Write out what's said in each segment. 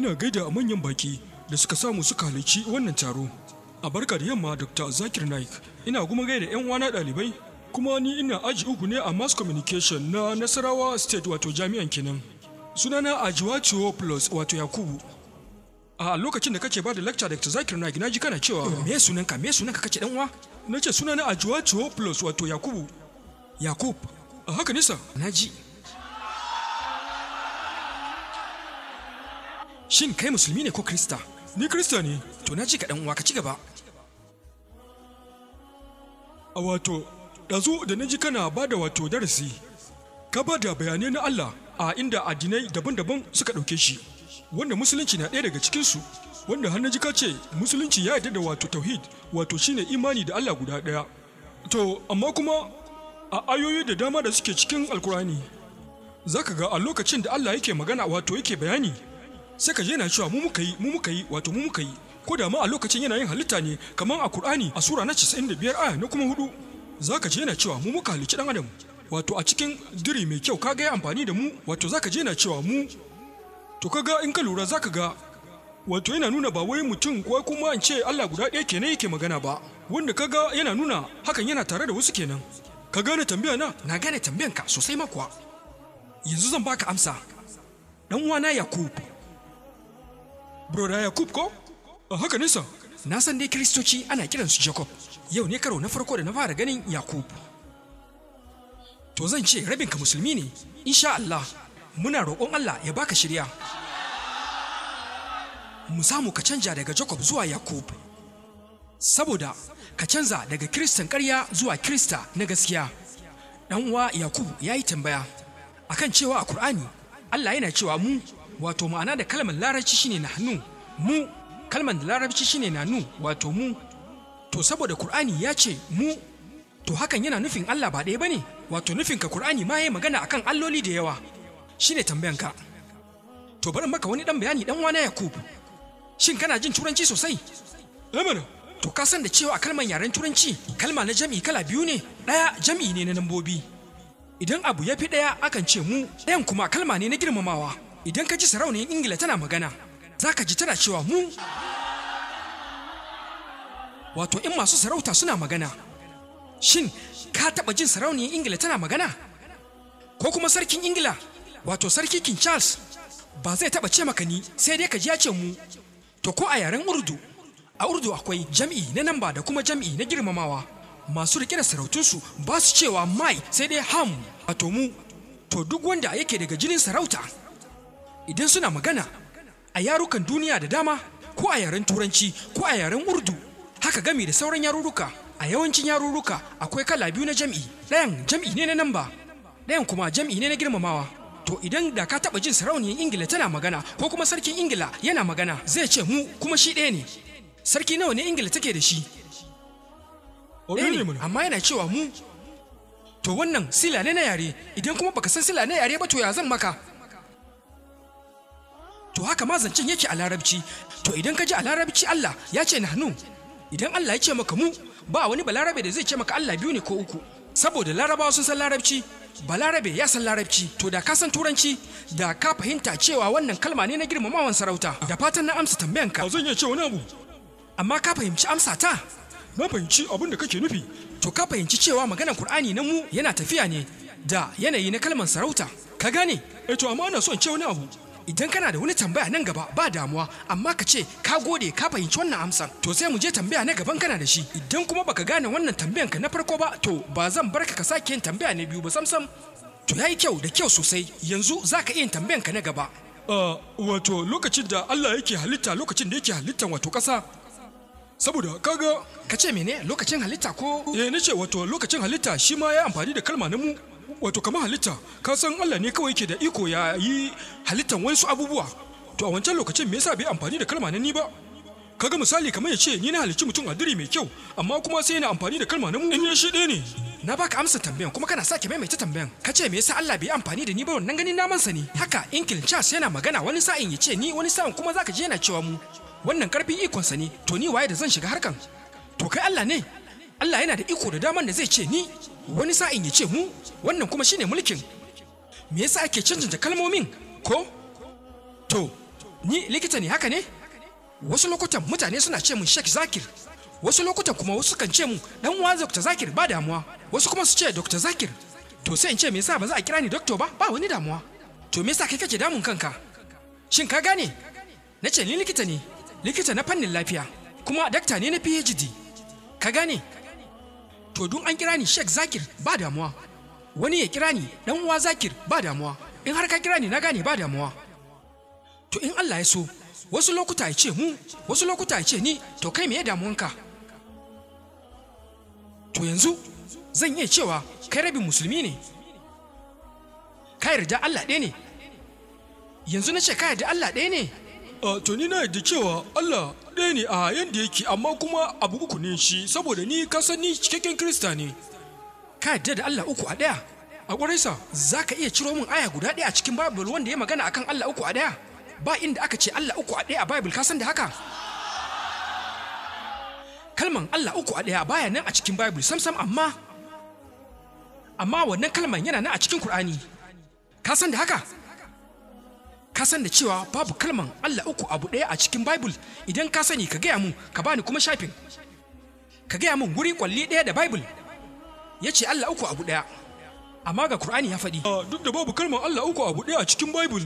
ina gaida a manyan baki da suka samu suka halici wannan taro a barka da yamma dr zakir naik ina kuma gaida yan uwana dalibai. kuma ni ina aji uku ne a mass communication na nasarawa state wato jami'an kenan sunana ajiwatuwo plus wato yakubu a lokacin da kake ba da lecture dr zakir naik na ji kana cewa me sunanka me sunanka kace dan uwa na ce sunana ajiwatuwo plus wato yakubu yakub a haka nisa na ji shin kai musulmi ne ko krista ni krista ne to na ji ka uwa ka ci gaba a wato ɗazu da na ji kana ba da wato darasi ka ba da bayanai na allah a inda addinai daban-daban suka ɗauke shi wanda musulunci na ɗaya daga cikinsu wanda har na ji ka ce musulunci ya yarda da wato tauhid wato shine imani da allah guda ɗaya to amma kuma a ayoyi da dama da suke cikin alkurani za ga a lokacin da allah yake magana wato yake bayani sai ka je yana cewa mu muka yi mu muka yi wato mu muka yi ko da ma a lokacin yana yin halitta ne kamar a Kur'ani a sura na 95 aya na kuma hudu zaka je yana cewa mu muka halicci dan adam wato a cikin diri mai kyau kaga ya amfani da mu wato zaka je yana cewa mu to kaga in ka lura zaka ga wato yana nuna ba wai mutum ko kuma an ce Allah guda ɗaya kenan yake magana ba wanda ka ga yana nuna hakan yana tare da wasu kenan ka gane tambaya na na gane tambayan ka sosai ma yanzu zan baka amsa dan uwana Yakub broda yakub ko haka nisa. na san dai kiristoci ana kiransu jacob yau ne karo na farko da na fara ganin yakub to zan ce rabin ka musulmi ne insha allah muna roƙon allah ya baka shirya mu samu ka canja daga jacob zuwa yakub saboda ka canza daga kiristan karya zuwa kirista na gaskiya ɗan uwa yakub ya yi tambaya akan cewa a kur'ani allah yana cewa mu wato ma'ana da kalmar larabci shine na nu mu kalmar da larabci shine na nu wato mu to saboda Kur'ani ya ce mu to hakan yana nufin Allah ba ɗaya ne wato nufin ka Kur'ani ma yayi magana akan alloli da yawa shine tambayanka to bari maka wani dan bayani dan wana Yakub shin kana jin turanci sosai amana eh to ka san da cewa kalmar yaren turanci kalma na jami'i kala biyu ne ɗaya jami'i ne na nambobi. idan abu ya fi ɗaya akan ce mu ɗayan kuma kalma ne na girmamawa idan ka ji sarauniyar ingila tana magana za ka ji tana cewa mu wato in masu sarauta suna magana shin ka taɓa jin sarauniyar ingila tana magana ko kuma sarkin ingila wato sarki king charles ba zai taɓa ce maka ni sai dai ka ji ya ce mu to ko a yaren urdu a urdu akwai jam'i na namba da kuma jam'i na girmamawa masu rike da sarautunsu ba su cewa mai sai dai ham wato mu to duk wanda yake daga jinin sarauta idan suna magana a yarukan duniya da dama ko a yaren turanci ko a yaren urdu haka gami da sauran yarurruka a yawancin yarurruka akwai kala biyu na jam'i ɗayan jam'i ne na namba ɗayan kuma jam'i ne na girmamawa to idan da ka taɓa jin sarauniyar ingila tana magana ko kuma sarkin ingila yana magana zai ce mu kuma shi ɗaya ne sarki nawa ne ingila take da shi amma yana cewa mu to wannan sila ne na yare idan kuma baka san sila na yare ba to ya zan maka to haka ma zancen yake a larabci to idan ka ji a larabci Allah ya ce nahnu idan Allah ya ce maka mu ba wani balarabe da zai ce maka Allah biyu ne ko uku saboda larabawa sun san larabci balarabe ya san larabci to da ka san turanci da ka fahimta cewa wannan kalma ne na girmamawan sarauta da fatan na amsa tambayanka zan iya ce wani abu amma ka fahimci amsa ta na fahimci abin da kake nufi to ka fahimci cewa maganar Kur'ani na mu yana tafiya ne da yanayi na kalmar sarauta ka gane eh to amma ana son ce wani abu idan kana da wani tambaya nan gaba ba damuwa amma ka ce ka gode ka fahimci wannan amsa. to sai mu je tambaya na gaban kana da shi idan kuma baka gane wannan tambayan ka na farko ba to ba zan barka ka sake yin tambaya na biyu ba samsam to yayi kyau da kyau sosai yanzu zaka iya yin tambayan ka na gaba ah, wato lokacin da Allah yake halitta lokacin da yake halitta wato kasa saboda kaga ka ce mene lokacin halitta ko eh ce wato lokacin halitta shi ma ya amfani da kalma na mu wato kamar halitta ka san Allah ne kawai ke da iko ya yi halittan wasu abubuwa to a wancan lokacin me yasa bai amfani da kalma na ni ba kaga misali kamar ya ce ni na halicci mutum adiri mai kyau amma kuma sai yana amfani da kalma na mu in ya shi ɗaya ne na baka amsa tambayan kuma kana sake maimaita tambayan ka ce me yasa Allah bai amfani da ni ba wannan ganin naman sa ne haka inkil Charles yana magana wani sa'in ya ce ni wani sa'in kuma zaka je yana cewa mu wannan karfin ikon sa ne to ni waye da zan shiga harkan to kai Allah ne Allah yana da iko da daman da zai ce ni wani sa'in ya ce mu wannan kuma shine mulkin me yasa ake canjin kalmomin ko to ni likita ne haka ne wasu lokutan mutane suna ce mun shek zakir wasu lokutan kuma wasu kan ce mun dan uwa dr zakir ba damuwa wasu kuma su ce dr zakir to sai in ce me yasa ba za a kira ni doctor ba ba wani damuwa to me yasa kai kake damun kanka shin ka gane na ce ni likita ne likita na fannin lafiya kuma dakta ne na phd ka gane to dun an kira ni Sheikh Zakir ba damuwa wani ya kira ni dan uwa Zakir ba damuwa in har ka kira ni na gane ba damuwa to in Allah ya so wasu lokuta ya ce mu wasu lokuta ya ce ni to kai me ya damuwanka to yanzu zan iya cewa kai rabin musulmi ne kai yarda Allah ɗaya ne yanzu na ce ka yarda Allah ɗaya ne Eh, to ni na yadda cewa Allah ɗaya ne a yanda yake amma kuma abu uku ne shi saboda ni ka ni cikakken Kirista ne. Ka yadda da Allah uku a ɗaya? A ƙwararsa za ka iya ciro min aya guda ɗaya a cikin Bible wanda ya magana akan Allah uku a ɗaya? Ba inda aka ce Allah uku a ɗaya a Bible ka san da haka? Kalman Allah uku a ɗaya baya nan a cikin Bible sam sam amma amma wannan kalman yana nan a cikin Kur'ani. Ka san da haka? ka san da cewa babu kalman Allah uku abu ɗaya a cikin Bible idan ka sani ka gaya mun ka bani kuma shafin ka gaya mun wuri kwalli ɗaya da Bible ya ce Allah uku abu ɗaya amma ga Kur'ani ya faɗi ah, duk da babu kalman Allah uku abu ɗaya a cikin Bible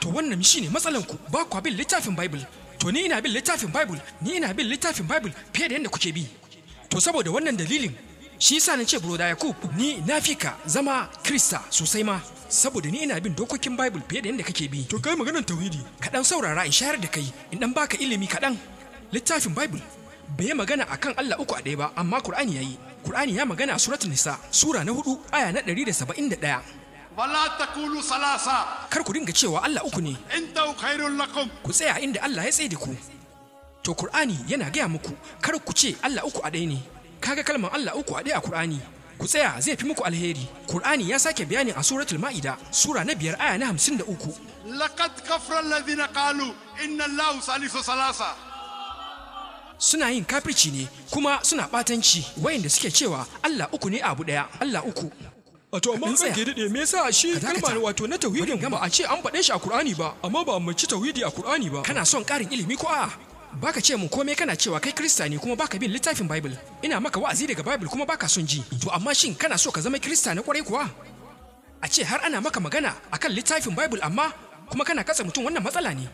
to wannan shine matsalan ku ba ku bin littafin Bible to ni ina bin littafin Bible ni ina bin littafin Bible fiye da yadda kuke bi to saboda wannan dalilin shi yasa na ce broda Yakub ni na fi ka zama Krista sosai ma saboda ni ina bin dokokin Bible fiye da yadda kake bi. To kai maganar tauhidi. Kaɗan saurara in shayar da kai in ɗan baka ilimi kaɗan. Littafin Bible bai yi magana a kan Allah uku a ɗaya ba amma Kur'ani ya yi. Kur'ani ya magana a suratul Nisa sura na hudu aya na ɗari da saba'in da ɗaya. Wala ta kulu salasa. Kar ku dinga cewa Allah uku ne. In ta khairun lakum. Ku tsaya inda Allah ya tsaye da ku. To Kur'ani yana gaya muku kar ku ce Allah uku a ɗaya ne. Kaga kalmar Allah uku a ɗaya a Kur'ani. ku tsaya zai fi muku alheri Kur'ani ya sake bayani a suratul ma'ida sura na biyar aya na hamsin da uku laqad kafara alladhina qalu inna allahu salisu salasa suna yin kafirci ne kuma suna batanci wayanda suke cewa Allah uku ne abu daya Allah uku wato amma an ke daɗe? me yasa shi kalma wato na tauhidin ba a ce an faɗe shi a Kur'ani ba amma ba a mace tauhidi a Kur'ani ba kana son ƙarin ilimi ko a'a baka ce mun komai kana cewa kai krista ne kuma baka bin littafin bible ina maka wa'azi daga bible kuma baka son ji to amma shin kana so ka zama krista na kwarai kuwa a ce har ana maka magana akan littafin bible amma kuma kana katsa mutum wannan matsala ne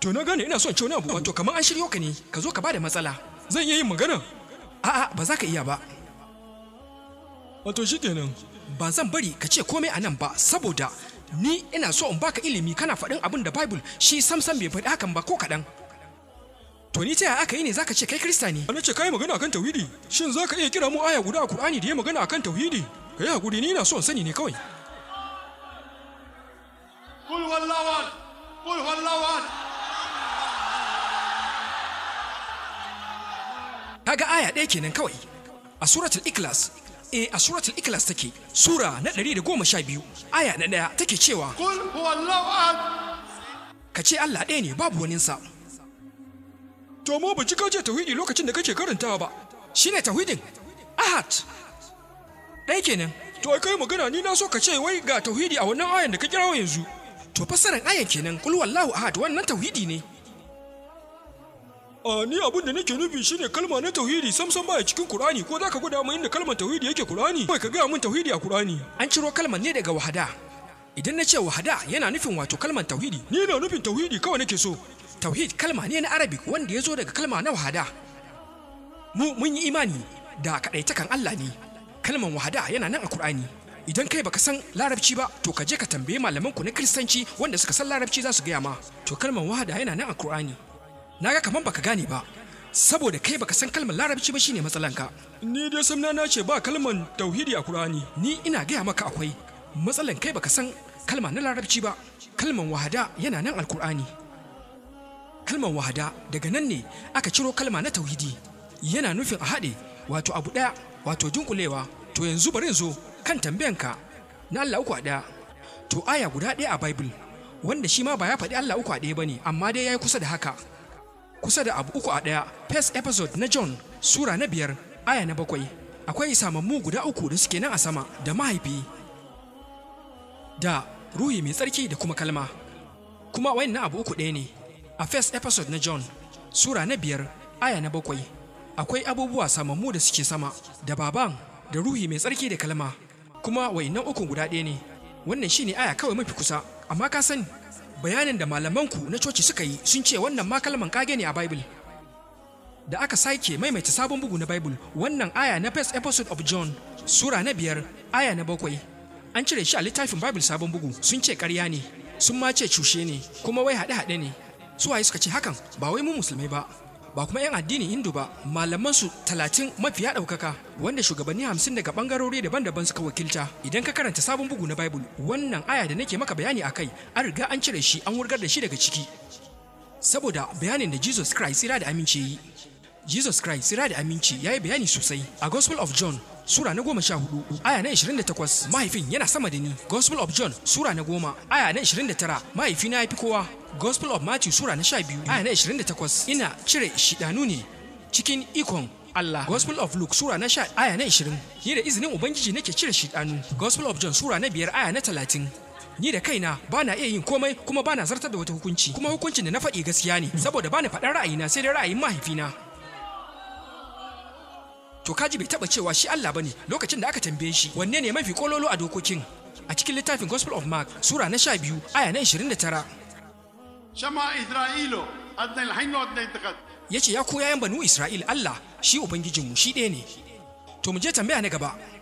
to na gane ina son cewa abu wato kamar an shiryo ka ne ka zo ka bada matsala zan iya yin magana a'a ba za ka iya ba wato shikenan ba zan bari ka ce komai a nan ba saboda ni ina so in baka ilimi kana faɗin abin da bible shi samsam bai faɗi hakan ba ko kaɗan to ni ta aka yi ne zaka ce kai krista ne na ce kai magana akan tauhidi shin zaka iya kira mu aya guda a qur'ani da ya magana akan tauhidi kai hakuri ni na so in sani ne kawai kul wallahu kul wallahu ahad kaga aya ɗaya kenan kawai a suratul ikhlas eh a suratul ikhlas take sura na 112 aya na ɗaya take cewa kul huwallahu ahad ka ce Allah ɗaya ne babu waninsa to mu ba ka ce tauhidi lokacin da kake karantawa ba Shi ne tauhidin ahad ɗaya kenan to ai kai magana ni na so ka ce wai ga tauhidi a wannan ayan da ka kirawo yanzu to fassarar ayan kenan kul wallahu ahad wannan tauhidi ne a ni abin da nake nufi shine kalma na tauhidi ba baya cikin qur'ani ko zaka gwada mu inda kalmar tauhidi yake qur'ani kai ka ga min tauhidi a qur'ani an ciro kalmar ne daga wahada idan na ce wahada yana nufin wato kalmar tauhidi ni na nufin tauhidi kawai nake so tauhid kalma ne na arabic wanda ya zo daga kalma na wahada mu mun yi imani da kaɗaitakan allah ne kalman wahada yana nan a kur'ani idan kai baka san larabci ba to ka je ka tambaye malaman ku na kristanci wanda suka san larabci za su gaya ma to kalman wahada yana nan a kur'ani naga kaman baka gane ba saboda kai baka san kalmar larabci ba shine matsalanka ni dai sam na ce ba kalman tauhidi a kur'ani ni ina gaya maka akwai matsalan kai baka san kalma na larabci ba kalman wahada yana nan alkur'ani kalmar wahada daga nan ne aka ciro kalma na tauhidi yana nufin a haɗe wato abu ɗaya wato jinkulewa to yanzu bari zo kan tambayanka na Allah uku a ɗaya to aya guda ɗaya a bible wanda shi ma ba ya faɗi Allah uku a ɗaya bane amma dai yayi kusa da haka kusa da abu uku a ɗaya first episode na John sura na biyar aya na bakwai akwai samammu guda uku da suke nan a sama da mahaifi da ruhi mai tsarki da kuma kalma kuma wayannan abu uku ɗaya ne a first episode na john sura na biyar aya na bakwai akwai abubuwa samammu da suke sama da baban da ruhi mai tsarki da kalma kuma wa'innan ukun guda ɗaya ne wannan shine aya kawai mafi kusa amma ka sani bayanin da malamanku na coci suka yi sun ce wannan ma kalman kage ne a bible da aka sake maimaita sabon bugu na bible wannan aya na first episode of john sura na biyar aya na bakwai an cire shi a littafin bible sabon bugu sun ce karya ne sun ma ce cushe ne kuma wai haɗe-haɗe ne suwaye suka ce hakan ba wai mu musulmai ba ba kuma 'yan addinin hindu ba malaman su talatin mafiya ɗaukaka wanda shugabanni hamsin daga bangarori daban-daban suka wakilta idan ka karanta sabon bugu na bible wannan aya da nake maka bayani akai an riga an cire shi an wurgar da shi daga ciki saboda bayanin da jesus christ tsira da aminci yi jesus christ tsira da aminci ya yi bayani sosai a gospel of john Sura na goma sha hudu, aya na ishirin da takwas, mahaifin yana sama da ni. Gospel of John, Sura na goma, aya na ishirin da tara, mahaifina ya fi kowa. Gospel of Matthew, Sura na sha biyu, aya na ishirin da takwas, ina cire shidanu ne cikin ikon Allah. Gospel of Luke Sura na sha aya na ishirin, ni da izinin Ubangiji nake cire shidanu. Gospel of John Sura na biyar aya na talatin, ni da kaina ba na iya yin komai kuma ba na zartar da wata hukunci kuma hukuncin da na faɗi gaskiya ne saboda ba na faɗin ra'ayina sai dai ra'ayin mahaifina to kaji bai taba cewa shi Allah bane lokacin da aka tambaye shi wanne ne mafi kololo a dokokin a cikin littafin Gospel of Mark sura na 12 aya na 29 Shama Isra'ilo Ya ce yace ya koyayen banu Isra'il Allah shi ubangijinmu shi ɗaya ne to mu je tambaya na gaba